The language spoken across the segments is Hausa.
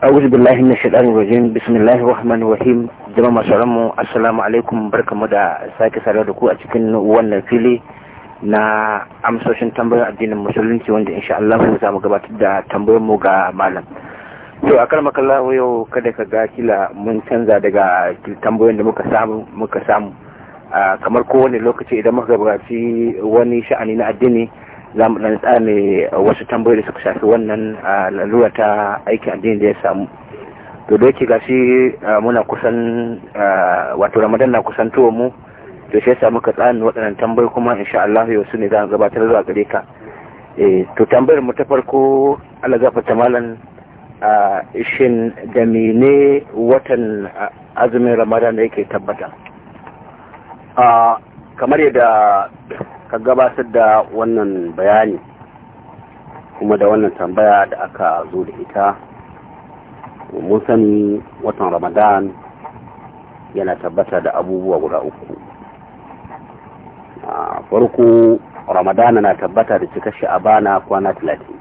أعوذ بالله من الشيطان الرجيم بسم الله الرحمن الرحيم da sake sarar da ku a cikin wannan fili na amsoshin tambayar addinin musulunci wanda insha Allah za mu gabatar da tambayar mu ga malam to a karma kallahu yau kada ka ga kila mun canza daga tambayoyin da muka samu muka samu kamar kowane lokaci idan muka gabaci wani sha'ani na addini za mu dan tsame wasu tambayoyi da suka shafi wannan lalura ta aikin addini da ya samu to da yake gashi muna kusan wato ramadan na kusan tuwo mu to shi samu ka tsani waɗannan tambayoyi kuma insha Allah yau su ne za mu gabatar zuwa gare ka eh, to tambayar mu ta farko Allah ta malam shin da mene watan azumin ramadan da yake tabbata kamar yadda ka gabatar da wannan bayani kuma da wannan tambaya da aka zo da ita mun sani watan ramadan yana tabbata da abubuwa guda uku farko ramadan na tabbata da cikar sha'abana kwana talatin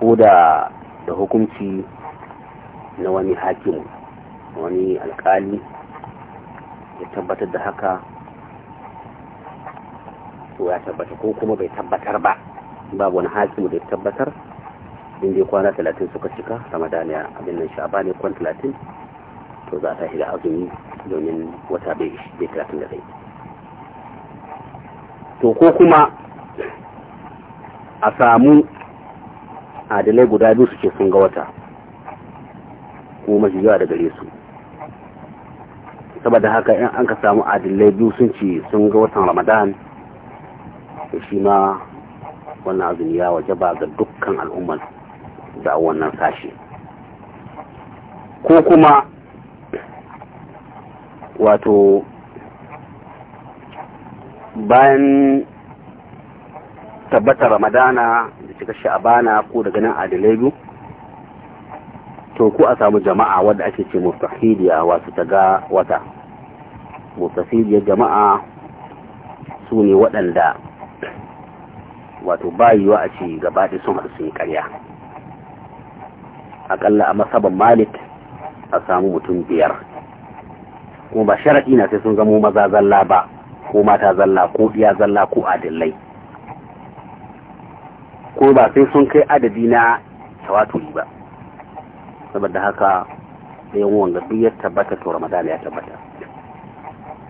ko da da hukunci na wani hakimu wani alkali ya tabbatar da haka ko ya tabbata ko kuma bai tabbatar ba babu wani hakimu da ya tabbatar in ya kwana talatin suka cika ramadan ya abin nan sha'aba ne kwan talatin to za ta shiga azumi domin wata bai bai talatin da zai to ko kuma a samu adalai guda biyu suke ce sun ga wata ko mashi yawa da gare su saboda haka in an ka samu adillai biyu sun ci sun ga watan ramadan shi ma wannan azumi ya waje ba ga dukkan al'ummar da wannan sashi ko kuma wato bayan tabbatar ramadana da cika sha'abana ko daga nan adilai biyu to ku a samu jama'a wadda ake ce mustafidiya wasu ta ga wata mustafidiyar jama'a su ne waɗanda wato bayiwa a ce gabaɗe sun haɗu sun yi ƙarya aƙalla a masaban malik a samu mutum biyar kuma ba sharaɗi na sai sun zamo maza zalla ba ko mata zalla ko ɗiya zalla ko adillai ko ba sai sun kai adadi na tawaturi ba saboda haka yan wanda duk ya tabbata to ramadan ya tabbata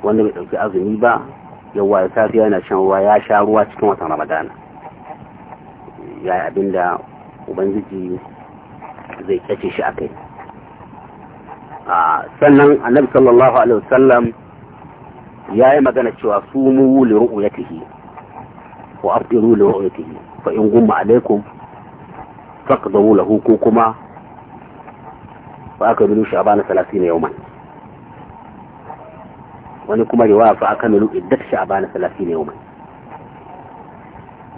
wanda bai ɗauki azumi ba yawa ya tafi yana shan ruwa ya sha ruwa cikin watan ramadan ya yi abinda ubangiji zai kyace shi a kai sannan annabi sallallahu alaihi wasallam ya yi magana cewa su mu ya tafi. wa afdiru ya tafi. fa in gumma alaikum faqdaru lahu ko kuma aka shi a yau man wani kuma فأكملوا شعبان ثلاثين يوما ونكما رواية فأكملوا إدك شعبان yau man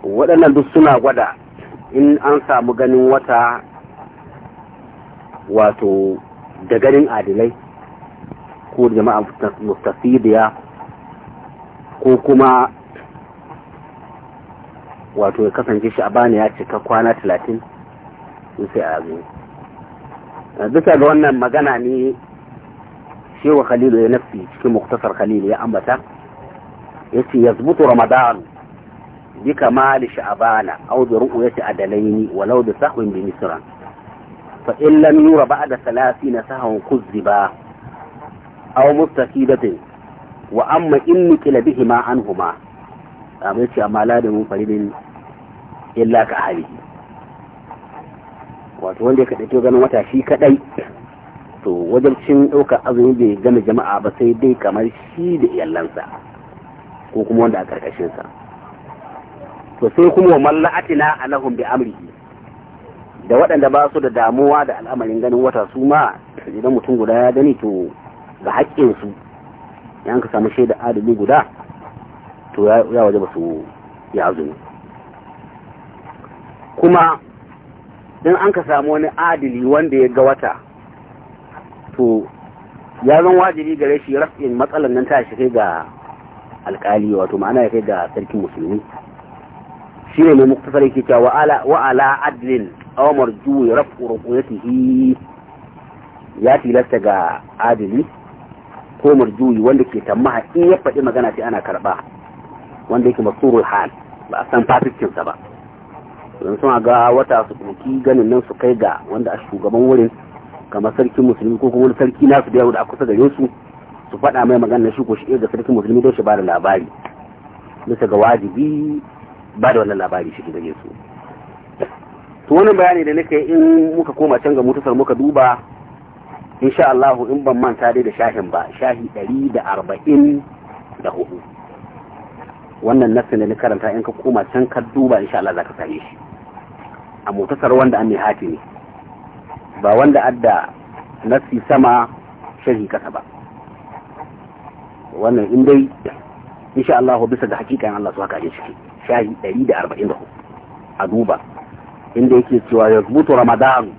waɗannan duk suna gwada in an samu ganin wata wato da ganin adilai ko jama'a mustafidiya ko kuma wato ya kasance shi a sha'abani ya cika kwana talatin sai a azumi Eh, bisa ga wannan magana ne shewa khalilu ya nafi cikin muktasar khalilu ya ambata ya ce ya zubutu ramadan bi kamali sha'abana au bi ru'yati adalaini walau bi sahwin bi misra fa in lam yura ba'da 30 sahwan kuzziba aw mustaqidatin wa amma in nikila bihima anhuma amma yace amma la da mun faridin illa ka halihi wato wanda ya kaɗaito ganin wata shi kaɗai to wajen cin ɗaukar azumi bai gama jama'a ba sai dai kamar shi da iyalansa ko kuma wanda a ƙarƙashinsa to sai kuma wa malla'atina alahum bi amrihi da waɗanda ba su da damuwa da al'amarin ganin wata su ma idan mutum guda ya gani to ga haƙƙinsu yan ka samu shaida adali guda to ya waje ba su ya azumi kuma in an ka samu wani adili wanda ya ga wata to ya zan wajibi gare shi rafin matsalan nan ta shi kai ga alkali wato ma'ana ya kai ga sarkin musulmi shi ne mai muktasar yake cewa wa'ala ala adlin aw marju rafu ruqyatihi ya tilasta ga adili ko marjuyi wanda ke tammaha in ya faɗi magana sai ana karɓa wanda yake masurul hal ba a san fasikinsa ba don suna ga wata su ɗauki ganin nan su kai ga wanda a shugaban wurin kamar sarkin musulmi ko kuma sarki nasu da yawa da kusa gare su su faɗa mai magana shi ko shi da sarkin musulmi don shi ba da labari bisa ga wajibi ba da wannan labari shi gare su to wannan bayani da nake in muka koma can ga mutasar muka duba insha Allah in ban manta dai da shahin ba shahi ɗari da arba'in da hudu wannan nassin da ni karanta in ka koma can ka duba insha Allah za ka same shi a mutasar wanda an mai hatimi ba wanda adda nasi sama sharhi kasa ba wannan in dai insha Allah bisa ga hakikan Allah su haka ne ciki shahi 144 a duba inda yake cewa ya rubuta ramadan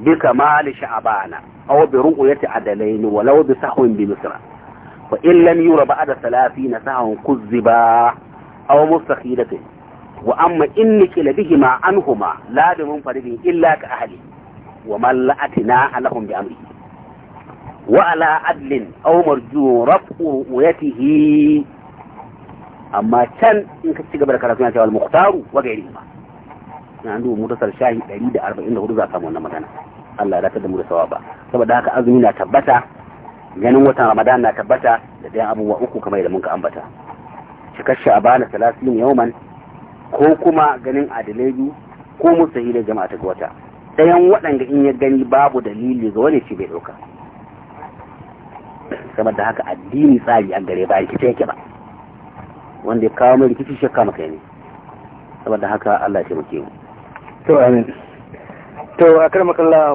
bi kamal sha'bana aw bi ru'yati adalain walau bi sahwin bi misra fa in lam yura ba'da 30 sahwan kuzziba aw mustaqilatin wa amma in nikila bihima anhuma la bi munfaridin illa ka ahli wa man la'atina alahum bi amri wa ala adlin aw marju rafu ru'yatihi amma can in ka ci gaba da karatu na cewa al-mukhtaru wa gairi ma na andu mutasar shahi 144 za ka samu wannan magana Allah ya dakatar da mu da sawaba saboda haka azumi na tabbata ganin watan Ramadan na tabbata da ɗayan abubuwa uku kamar yadda mun ka ambata cikar sha'abana 30 yawman ko kuma ganin adalai biyu ko mustahilai jama'a ta wata ɗayan waɗanda in ya gani babu dalili ga wani shi bai ɗauka sama da haka addini tsari an gare ba rikice yake ba wanda ya kawo mai rikici shakka maka ne saboda haka Allah ya muke mu to amin to akar makalla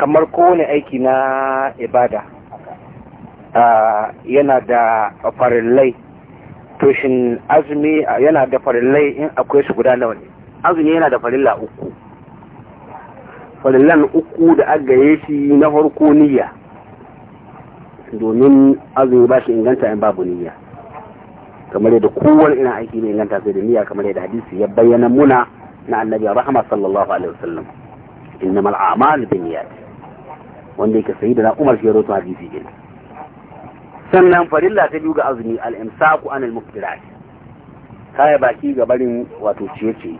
kamar kowane aiki na ibada yana da farillai to azumi yana da farillai in akwai su guda nawa ne azumi yana da farilla uku farillan uku da agaye shi na farko niyya domin azumi ba shi inganta in babu niyya kamar yadda kowar ina aiki ne inganta sai da niyya kamar yadda hadisi ya bayyana muna na annabi rahama sallallahu alaihi wasallam innamal a'mal binniyat wanda yake sayyidina Umar shi ya rawaito hadisi kenan sannan farilla ta biyu ga azumi al-imsaku anil ta kaya baki ga barin wato ciye-ciye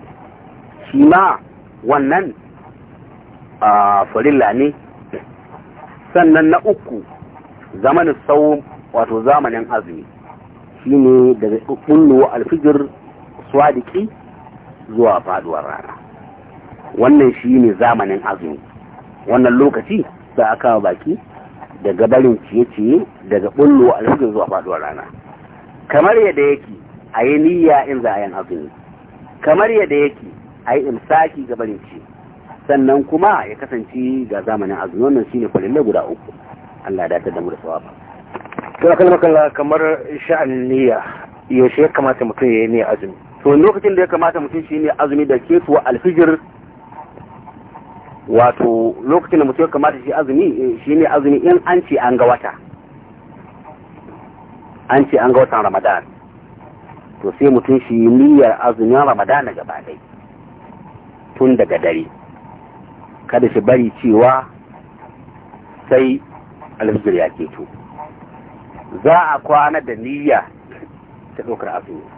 shi ma wannan a farilla ne sannan na uku zamanin sau wato zamanin azumi shi ne daga kullu alfijir swadiki zuwa faduwar rana wannan shi ne zamanin azumi wannan lokaci za a kawo baki daga barin ciye-ciye daga bullo a cikin zuwa faduwar rana kamar yadda yake a yi niyya in za a yin azumi kamar yadda yake a yi imsaki ga barin ciye sannan kuma ya kasance ga zamanin azumi wannan shine kwalilla guda uku Allah da ta damu da sawaba to akan makalla kamar sha'an niyya yaushe ya kamata mutum ya yi niyya azumi to lokacin da ya kamata mutum shi ne azumi da ketuwa alfijir wato lokacin da mutum kamata shi azumi eh, shi ne azumi in an ce an ga wata an ce an ga watan ramadan to sai mutum shi niyyar azumin ramadan gaba gabaɗaya. tun daga dare kada shi bari cewa sai alfijir ya keto za a kwana da niyya ta ɗaukar azumi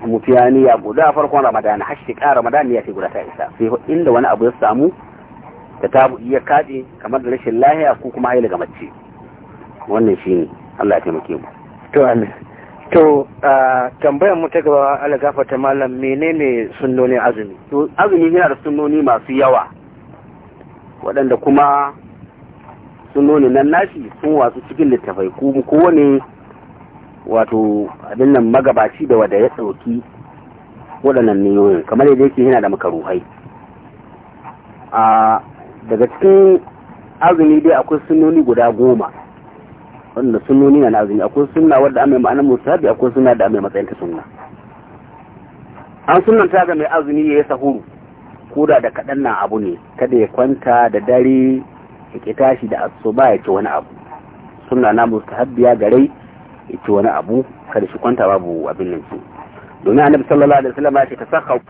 mutiyaniya guda farkon ramadan har shi ƙara ramadan ya ce guda ta isa sai inda wani abu ya samu da ta iya kaɗe kamar da rashin lahiya ko kuma haila ga mace wannan shi ne Allah ya taimake mu to amin to tambayar mu ta gaba Allah gafarta malam menene sunnoni azumi to azumi yana da sunnoni masu yawa waɗanda kuma sunnoni nan nashi sun wasu cikin littafai ko kowane wato abin nan magabaci da wada ya ɗauki waɗannan niyoyin kamar yadda yake yana da makaruhai a daga cikin azumi dai akwai sunoni guda goma wanda sunoni na azumi akwai sunna wadda amai ma'anar musabi akwai sunna da amai matsayin ta sunna an sunan ta ga mai azumi ya yi sahuru koda da kaɗan na abu ne kada ya kwanta da dare ya ki tashi da asuba ya ci wani abu sunna na mustahabbiya gare ya ci wani abu kada shi kwanta babu abin nan su domin annabi sallallahu alaihi wasallam ya ce ta saka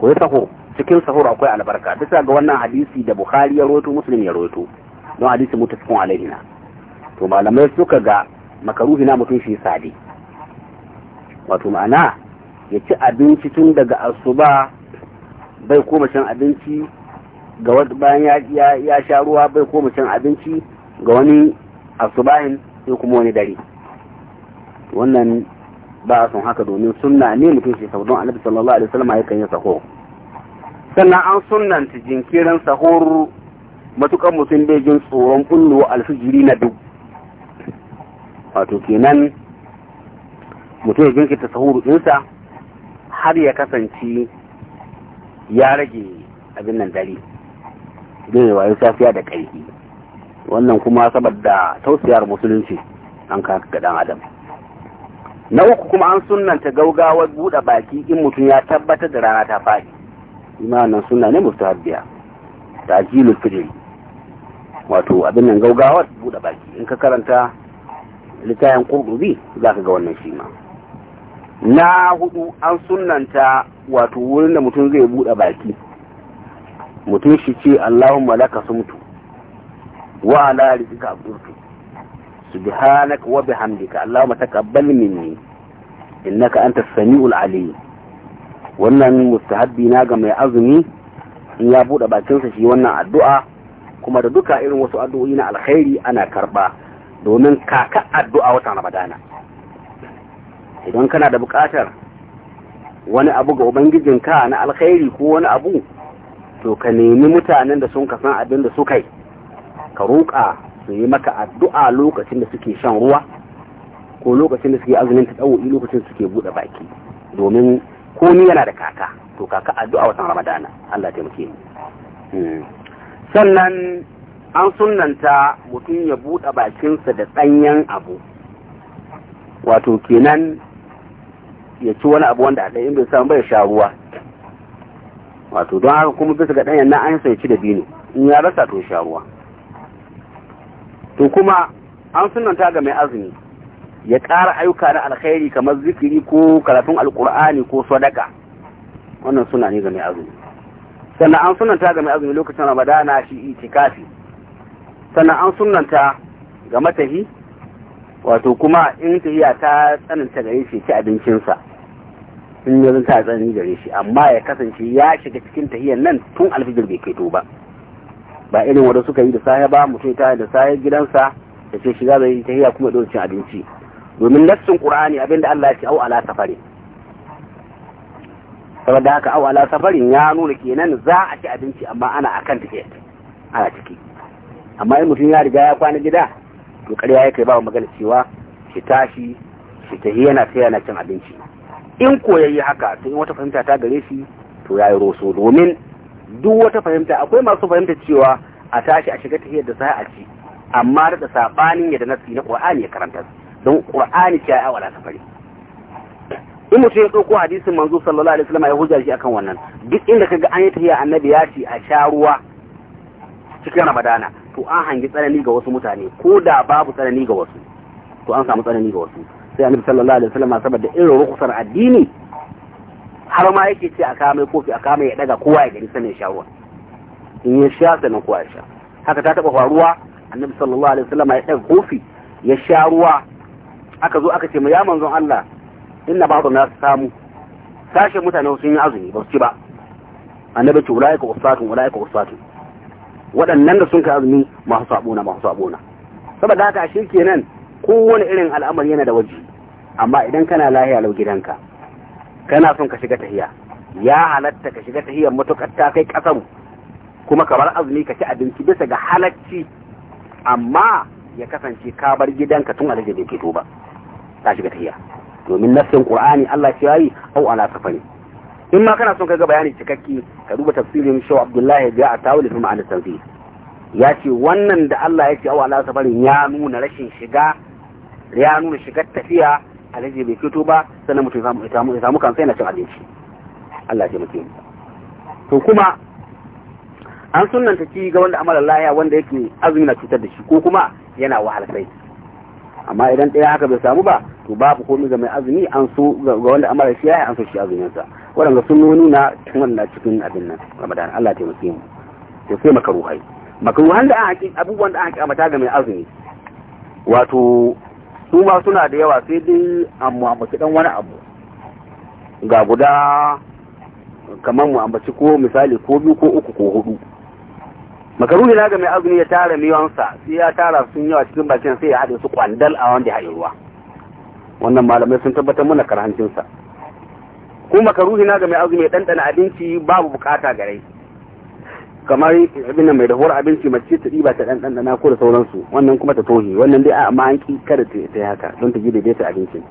ko ya sako cikin sahur akwai albarka bisa ga wannan hadisi da bukhari ya roto muslim ya roto don hadisi mutafikun alaihi na to malamai suka ga makaruhi na mutum shi sadi wato ma'ana ya ci abinci tun daga asuba bai koma cin abinci ga wani bayan ya sha ruwa bai koma cin abinci ga wani asubahin sai kuma wani dare wannan ba a son haka domin sunna ne mutum shi sau don annabi sallallahu alaihi wasallam yakan yi sahur sannan an sunnanta jinkirin sahur matukan mutum bai jin tsoron kullu alfijiri na duk wato kenan mutum ya jinkirta sahuru ɗinsa har ya kasance ya rage abin nan dare zai wayo safiya da ƙarfi wannan kuma saboda tausiyar musulunci an kaka ga dan adam na uku kuma an sunanta gaugawar buɗe baki in mutum ya tabbatar da rana ta faɗi imanin sunna ne mustahabbiya ta ajilul fijiri wato abin nan gaugawar buɗe baki in ka karanta littayen kurdubi za ka ga wannan shi ma na hudu an sunanta wato wurin da mutum zai buɗe baki mutum shi ce allahumma laka sumtu وعلى رزقك أقولك سبحانك وبحمدك اللهم تقبل مني إنك أنت السميع العليم wannan mustahabbi na ga mai azumi in ya buɗe bakinsa shi wannan addu'a kuma da duka irin wasu addu'o'i na alkhairi ana karba domin kaka addu'a watan ramadana idan kana da buƙatar wani abu ga ubangijinka na alkhairi ko wani abu to ka nemi mutanen da sun kasan abin da suka yi ka roƙa su yi maka addu'a lokacin da suke shan ruwa ko lokacin da suke azumin ta tsawo'i lokacin da suke buɗe baki domin komi yana da kaka to kaka addu'a watan ramadana Allah taimake ni hmm. sannan an sunanta mutum ya buɗe bakinsa da ɗanyen abu wato kenan ya ci wani abu wanda a ɗaya in bai samu bai sha ruwa wato don haka kuma bisa ga ɗanyen na an sai ci da bino in ya rasa to sha ruwa to kuma an sunanta ga mai azumi ya ƙara ayyuka na alkhairi kamar zikiri ko karatun alkur'ani ko sadaka wannan suna ne ga mai azumi sannan an sunanta ga mai azumi lokacin ramadana shi itikafi sannan an sunanta ga matahi wato kuma in tahiya ta tsananta gare shi ci abincinsa in yanzu ta tsanani gare shi amma ya kasance ya shiga cikin tahiyan nan tun alfijir bai kai to ba ba irin wanda suka yi da safe ba mutum ta da safe gidansa da ce shiga zai ta tahiya kuma dole cin abinci domin nassin qur'ani abinda Allah ya ce au ala safari saboda haka au ala safarin ya nuna kenan za a ci abinci amma ana akan ticket ana ciki amma in mutum ya riga ya kwana gida to ƙarya ya kai ba magana cewa shi tashi shi ta yana ta yana cin abinci in koyayyi haka to in wata fahimta ta gare shi to ya yi roso domin duk wata fahimta akwai masu fahimta cewa a tashi a shiga tahiyar da a ci amma da sabanin yadda nasi na qur'ani ya karanta don qur'ani ce ya wala safari in mutum ya ɗauko hadisin manzo sallallahu alaihi wasallam ya hujja shi akan wannan duk inda kaga an yi tafiya annabi ya ci a sha ruwa cikin ramadana to an hangi tsanani ga wasu mutane ko da babu tsanani ga wasu to an samu tsanani ga wasu sai annabi sallallahu alaihi wasallam saboda irin rukusar addini har ma yake ce a kama kofi a kama ya daga kowa ya gani sanin sha ruwa in ya sha sanin kowa ya sha haka ta taba faruwa annabi sallallahu alaihi wasallam ya daga kofi ya sha ruwa aka zo aka ce mu ya manzon Allah inna ba'd na samu sashe mutane sun yi azumi ba su ci ba annabi ce ulaika usatun ulaika usatun waɗannan da sun ka azumi masu sabona masu sabona saboda haka ashe kenan kowane irin al'amari yana da waje amma idan kana lahiya lau gidanka kana son ka shiga tahiya ya halatta ka shiga tahiyar matukar ta kai kasan kuma ka bar azumi ka ci abinci bisa ga halacci amma ya kasance ka bar gidanka tun alaji da ke tuba ta shiga tahiya domin nassin qur'ani Allah ce yayi au ala safari in ma kana son ka ga bayani cikakke ka duba tafsirin shaw abdullahi da a tawil fi ma'anar tanzil ya ce wannan da Allah ya ce au ala safarin ya nuna rashin shiga ya nuna shigar tafiya alaji bai fito ba sannan mutum ya samu kansa yana cin abinci Allah ya mutum to kuma an sunanta ci ga wanda amara laya wanda yake azumi na cutar da shi ko kuma yana wahala sai amma idan ɗaya haka bai samu ba to babu komai ga mai azumi an so ga wanda amara shi ya an so shi azumin sa waɗanda sun nuna cikin wannan cikin abin nan Ramadan Allah ya taimake mu to sai makaruhai makaruhan da an abubuwan da an haƙi amata ga mai azumi wato su ma suna da yawa sai dai amma ambaci dan wani abu ga guda kamar mu ambaci ko misali ko biyu ko uku ko hudu makaruni na ga mai azumi ya tara miyansa sai ya tara sun yawa cikin bakin sai ya haɗe su kwandal a wanda haɗe ruwa wannan malamai sun tabbatar mana karhancinsa ko makaruni na ga mai azumi ya ɗanɗana abinci babu bukata gare shi kamar abin mai dahuwar abinci mace ta ɗiba ta ɗanɗana ko da sauransu wannan kuma ta tohi wannan dai amma an ƙi kada ta yi haka don ta ji daidaita abincin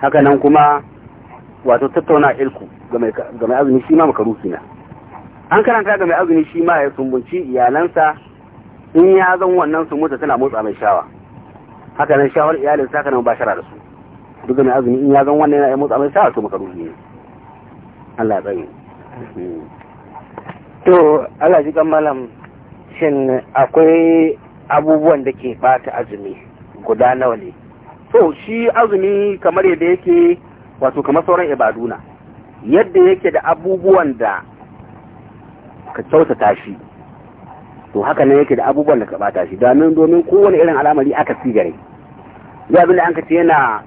haka nan kuma wato tattauna ilku ga mai azumi shi ma makaruki na an karanta ga mai azumi shi ma ya sumbunci iyalansa in ya zan wannan su mutu tana motsa mai shawa haka nan shawar iyalin sa haka nan ba shara da su duk ga mai azumi in ya zan wannan yana motsa mai shawa to makaruki ne Allah ya tsaye to Allah ji malam shin akwai abubuwan da ke bata azumi guda nawa ne to shi azumi kamar yadda yake wato kamar sauran ibaduna yadda yake da abubuwan da ka kyautata shi to haka ne yake da abubuwan da ka bata shi domin domin kowane irin al'amari aka ci gare ya abin da an ka ce yana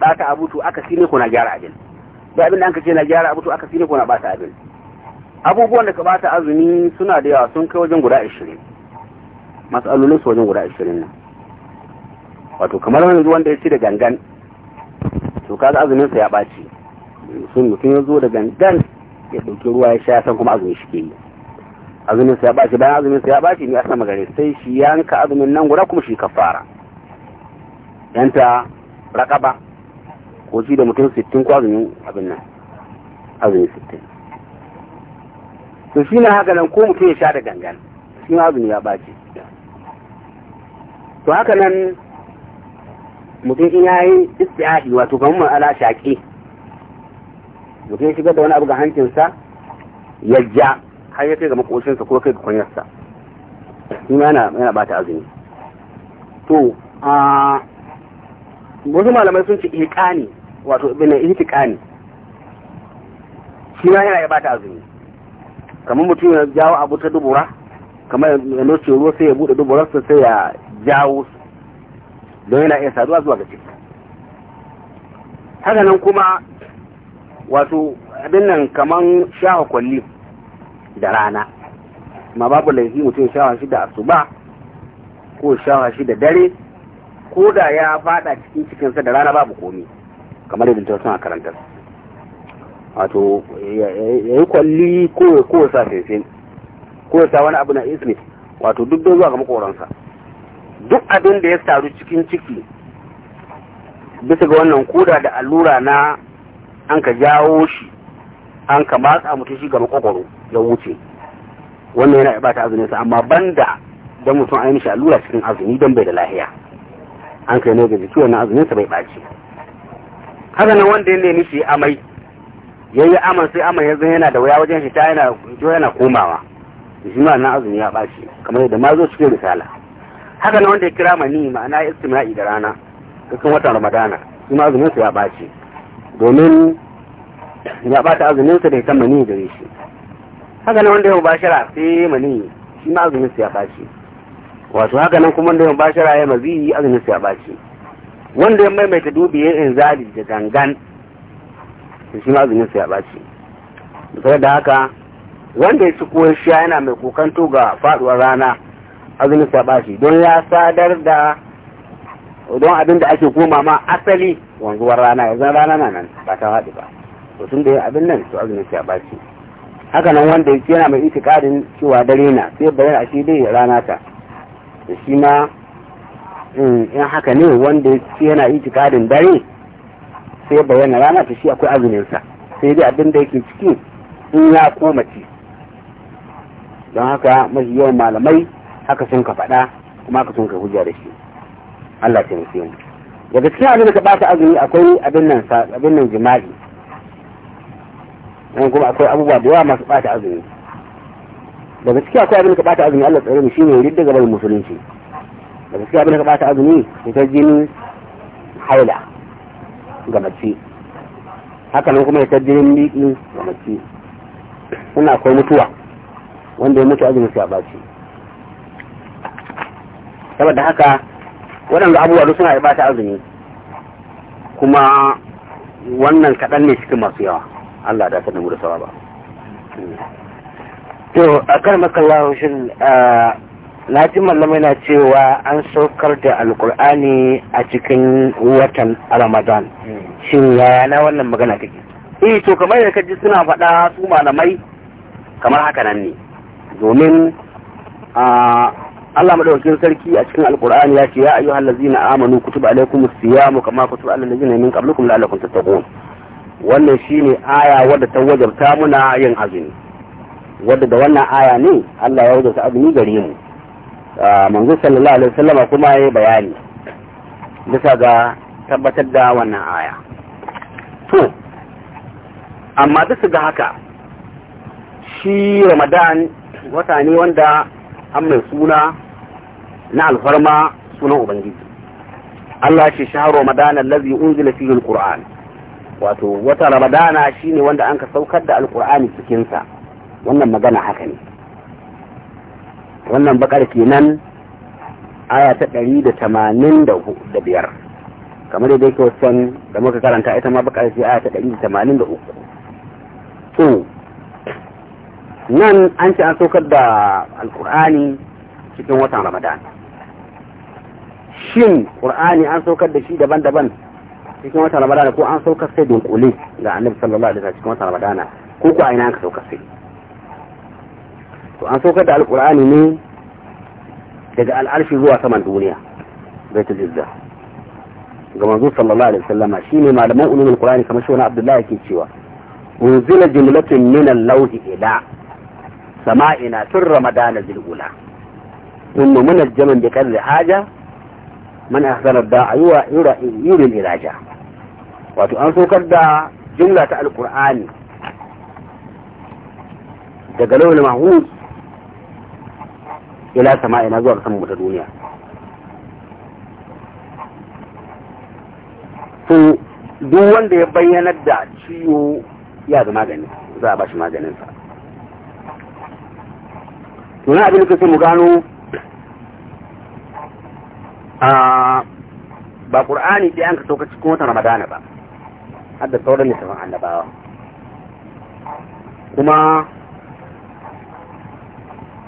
bata abu to aka ci ne ko na gyara abin ya abin da an ka ce na gyara abutu aka ci ne ko na bata abin abubuwan da ka bata azumi suna da yawa sun kai wajen guda ashirin matsalolin su wajen guda ashirin nan wato kamar yanzu wanda ya ci da gangan to kaga azumin sa ya ɓaci sun mutum ya zo da gangan ya ɗauki ruwa ya sha san kuma azumi shi ke yi azumin sa ya ɓaci bayan azumin sa ya ɓaci ne a sama gare sai shi yanka azumin nan guda kuma shi kafara yanta raƙaba ko shi da mutum sittin ko azumin abin nan azumin sittin to shi na haka nan ko mutum ya sha da gangan shi ma azumi ya ɓaci to haka nan mutum in ya yi isti'ahi wato kamar ala shaƙi mutum ya shigar da wani abu ga hancinsa ya ja har ya kai ga makoshinsa ko kai ga kwanyarsa shi ma yana yana bata azumi to a wasu malamai sun ce ihqani wato ibn ihtiqani shi ma yana ya bata azumi kamar mutum ya jawo abu ta dubura kamar ya noce ruwa sai ya bude su sai ya jawo su don yana iya saduwa zuwa ga ciki haka kuma wato abin nan kamar shawa kwalli da rana ma babu laifi mutum shawa shi da asuba ko shawa shi da dare ko da ya fada cikin cikinsa da rana babu komi kamar yadda ta wasu karantar wato ya yi kwalli ko ya sa fefe ko ya sa wani abu na isne wato duk don zuwa ga makoransa duk abin da ya taru cikin ciki bisa ga wannan koda da allura na an ka jawo shi an ka matsa mutum shi ga makwakwaro ya wuce wannan yana ibata azumin sa amma banda don mutum a yi mishi allura cikin azumi don bai da lahiya an kai ne ga jiki wannan azumin sa bai ɓaci haka nan wanda ya nemi shi amai ya yi aman sai aman ya yana da waya wajen fita yana jo yana komawa shi ma na azumi ya bashi kamar yadda ma zo cikin risala haka na wanda ya kira mani ma'ana ya istimna'i da rana cikin watan ramadana shi ma azumin sa ya bashi domin ya bata azumin sa da ya mani da shi haka na wanda ya mubashara sai mani shi ma azumin sa ya bashi wato haka nan kuma wanda ya mubashara ya mazi azumin sa ya bashi wanda ya maimaita dubi ya inzali da gangan to shi ma azumin sa ya ɓaci da haka wanda ya ci ko sha yana mai kokanto ga faduwar rana azumin sa ɓaci don ya sadar da don abin da ake koma ma asali wanzuwar rana yanzu rana na nan ba ta haɗu ba to tun da yin abin nan to azumin sa ya ɓaci haka nan wanda yake yana mai itikadin cewa dare na sai bayan a shi dai rana ta da shi ma mm, in haka ne wanda yake yana itikadin dare sai ya bayyana rana ta shi akwai azumin sa sai dai abin da yake ciki in ya koma ci don haka mafi yawan malamai haka sun ka faɗa kuma haka sun ka hujja da shi Allah ta nufi mu daga cikin abin da ka bata azumi akwai abin nan abin nan jima'i dan kuma akwai abubuwa da yawa masu bata azumi daga cikin akwai abin da ka bata azumi Allah tsare mu shine ridda gaban musulunci daga cikin abin da ka bata azumi ita jini haila ga mace hakanan kuma ita jinin miƙi ga mace suna akwai mutuwa wanda ya mutu azumin sai a saboda haka waɗanda abubuwa duk suna ibata azumi kuma wannan kaɗan ne cikin masu yawa Allah da da mu da sawa ba to a kan makallahu shin ah, na ji malamai na cewa an saukar da alkur'ani a cikin watan ramadan shin yaya na wannan magana kake eh to kamar da kaji suna faɗa su malamai kamar haka nan ne domin Allah madaukakin sarki a cikin alkur'ani ya ce ya ayyuha allazina amanu kutiba alaykumus siyamu kama kutiba alal ladzina min qablikum la'allakum tattaqun wannan shine aya wadda ta wajabta muna yin azumi wadda da wannan aya ne Allah ya wajabta azumi gare mu manzo sallallahu alaihi wasallam kuma yayi bayani bisa ga tabbatar da wannan aya to amma duk ga haka shi ramadan wata ne wanda an mai suna na alfarma sunan ubangiji Allah shi shahar ramadan allazi unzila fihi alquran wato wata ramadana shine wanda an ka saukar da alqur'ani cikin sa wannan magana haka ne wannan bakar kenan aya ta ɗari da tamanin da biyar kamar yadda yake wasan da muka karanta ita ma bakar ce aya ta ɗari da tamanin da uku to nan an ce an saukar da alkur'ani cikin watan ramadan shin Kur'ani an saukar da shi daban-daban cikin watan ramadan ko an saukar sai dunkule ga annabi sallallahu alaihi wasallam cikin watan ramadan ko ko aina an saukar sai to an saukar da alkur'ani ne daga al'arshi zuwa saman duniya baitul izza ga manzo sallallahu alaihi wasallama shine malaman ulumul qur'ani kamar shi wani abdullahi yake cewa unzila jumlatun min al-lawhi ila sama'ina tun ramadana zil ula ثم من الجمن بقدر حاجة من أحسن الداع يرى الإراجة wato an sokar da jumla ta alkur'ani daga launin mahus ila sama zuwa saman ta duniya to duk wanda ya bayyanar da ciwo ya ga magani za a ba shi maganinsa na abin da mu gano a ba ƙur'ani ɗaya an ka sauka cikin watan ramadana ba hadda da sauran littafin annabawa kuma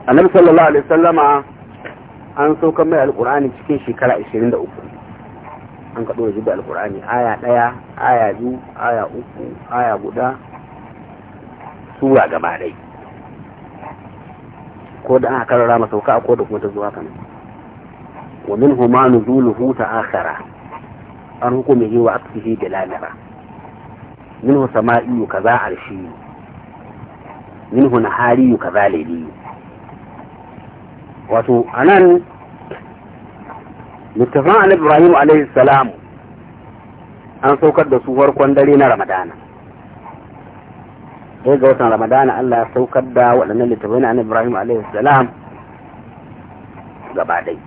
annabi sallallahu alaihi wasallama an saukan mai alkur'ani cikin shekara 23 an kaɗo da alkur'ani aya ɗaya aya biyu aya uku aya guda suwa gaba ɗai ko da aka karara masa sauka ko da kuma ta zuwa kan wa min huma nuzuluhu ta'akhara an yi wa aksihi Min minhu sama'i kaza arshi minhu nahari kaza layli wato anan littafin an ibrahim alaihi salam an saukar da su farkon dare na ramadana sai ga watan ramadana allah ya saukar da waɗannan littafin an ibrahim alaihi salam gaba dai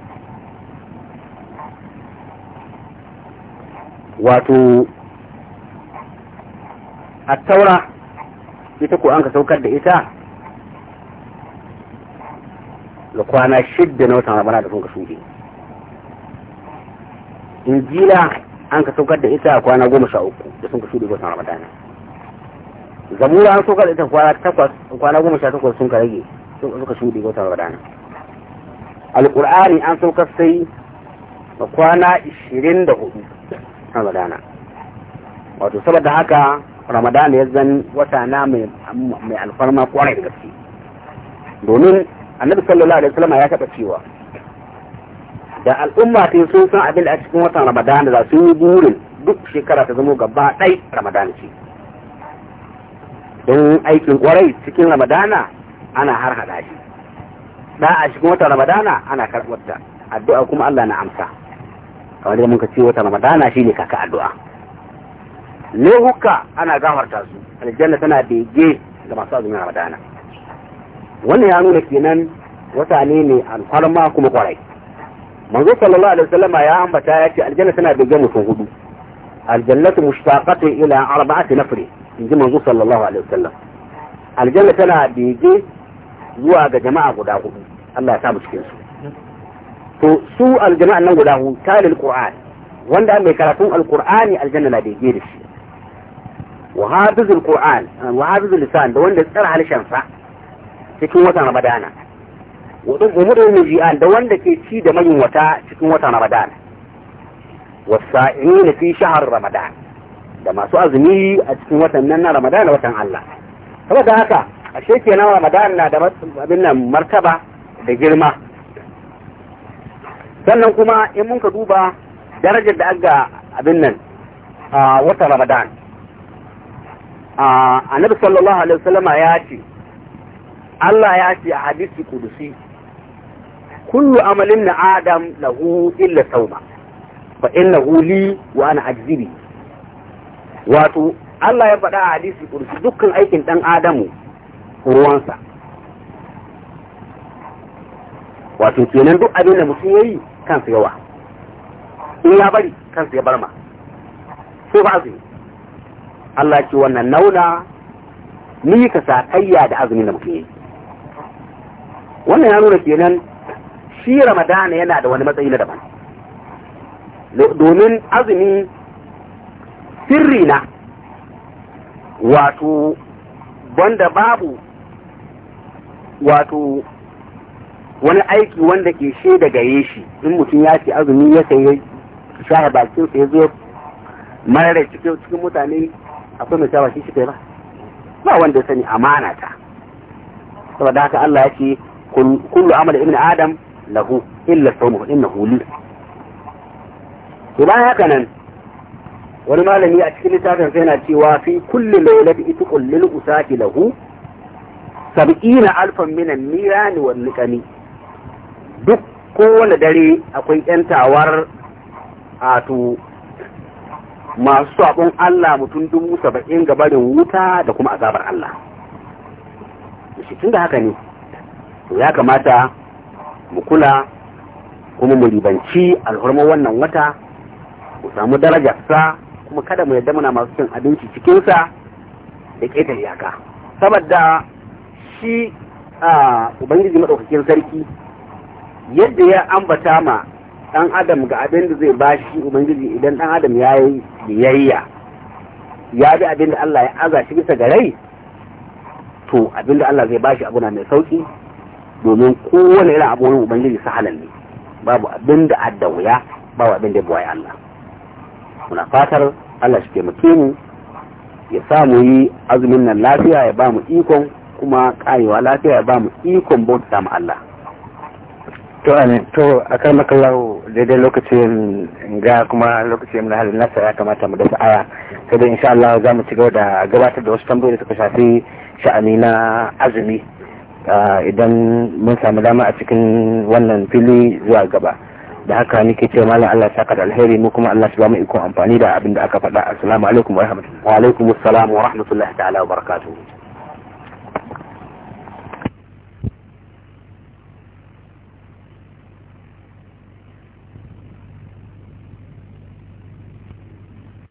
wato a taura ita ko an ka saukar da ita ga kwana shidda na watan rabana da sun ka shuɗe injila an ka saukar da ita kwana goma sha uku da sun ka da watan ramadana zabura an saukar da ita kwana takwas kwana goma sha takwas sun ka rage sun ka da watan ramadana alƙur'ani an saukar sai ga kwana ishirin da hudu ramadana wato saboda haka ramadana ya zan wata na mai alfarma kwarai da gaske domin annabi sallallahu alaihi wasallam ya taɓa cewa da al'umma sai sun san abin da a cikin watan Ramadan za su yi burin duk shekara ta zama gaba ɗai ramadan ce don aikin kwarai cikin ramadana ana har hada shi da a cikin watan ramadana ana karɓar ta addu'a kuma Allah na amsa kamar da muka ce watan ramadana shine kaka addu'a lehuka ana gafarta su aljanna tana bege ga masu azumin ramadana wannan ya nuna kenan wata ne alfarma kuma kwarai manzo sallallahu alaihi wasallam ya ambata ya ce aljanna tana bege mutum hudu aljannatu mushtaqatu ila arba'ati nafri inji manzo sallallahu alaihi wasallam aljanna tana bege zuwa ga jama'a guda hudu Allah ya sa mu cikin su to su aljama'a nan guda hudu talil qur'an wanda mai karatun alqur'ani aljanna na bege da shi wa hafizul qur'an wa hafizul lisan da wanda tsara halshen sa cikin watan ramadana wadun umurin miji'an da wanda ke ci da mayin wata cikin watan ramadana wasa'ina fi shahar ramadan da masu azumi a cikin watan nan na ramadana watan Allah saboda haka sheke na ramadan na da abin nan martaba da girma sannan kuma in mun ka duba darajar da aga abin nan a watan ramadan annabi sallallahu alaihi wasallama ya ce Allah ya ce a hadisi kudusi kullu amalin na adam lahu illa sauma fa innahu li wa ana ajzibi wato Allah ya faɗa a hadisi kudusi dukkan aikin ɗan adamu ruwansa wato kenan duk abin da mutum ya yi kansa yawa in ya bari kansa ya barma sai ba azumi Allah ce wannan nauna ni ka sa kayya da azumin da mutum ya yi wannan ya nuna kenan shi ramadana yana da wani matsayi na daban domin azumi sirri na wato wanda babu wato wani aiki wanda ke she daga shi in mutum ya ce azumi ya kai ya bakin sa ya zo marar cikin cikin mutane akwai mai shawa shi shi kai ba ba wanda sani amana ta saboda haka Allah ya ce kullu amal ibn adam lahu illa sawmu innahu li to bayan wani malami a cikin littafin sai yana cewa fi kulli lailati itqul lil usati lahu na alfan min an-niran wal liqani duk kowane dare akwai yantawar ato masu sabon Allah mutum dubu saba'in gabarin wuta da kuma azabar Allah shi tun da haka ne to ya kamata mu kula kuma mu ribanci alhurman wannan wata mu samu darajarsa kuma kada mu yadda muna masu cin abinci cikinsa da keta iyaka saboda shi a ubangiji maɗaukakin sarki yadda ya ambata ma ɗan adam ga abin da zai ba shi ubangiji idan ɗan adam yayi biyayya ya bi abin da Allah ya aza shi bisa ga rai to abin da Allah zai ba shi abu na mai sauki domin kowane irin abu ubangiji sahalan ne babu abin da adda wuya babu abin da buwaye Allah muna fatar Allah shi taimake mu ya sa mu yi azumin nan lafiya ya ba mu ikon kuma karewa lafiya ya ba mu ikon bauta mu Allah to amin to a akan makallahu daidai lokacin ga kuma lokacin na halin nasa ya kamata mu dasa aya sai da insha Allah za mu ci gaba da gabatar da wasu tambayoyi da suka shafi sha'ani na azumi idan mun samu dama a cikin wannan fili zuwa gaba da haka nake ce malam Allah saka da alheri mu kuma Allah su ba mu iko amfani da abin da aka faɗa assalamu alaikum wa rahmatullahi wa alaikum assalam wa rahmatullahi ta'ala wa barakatuh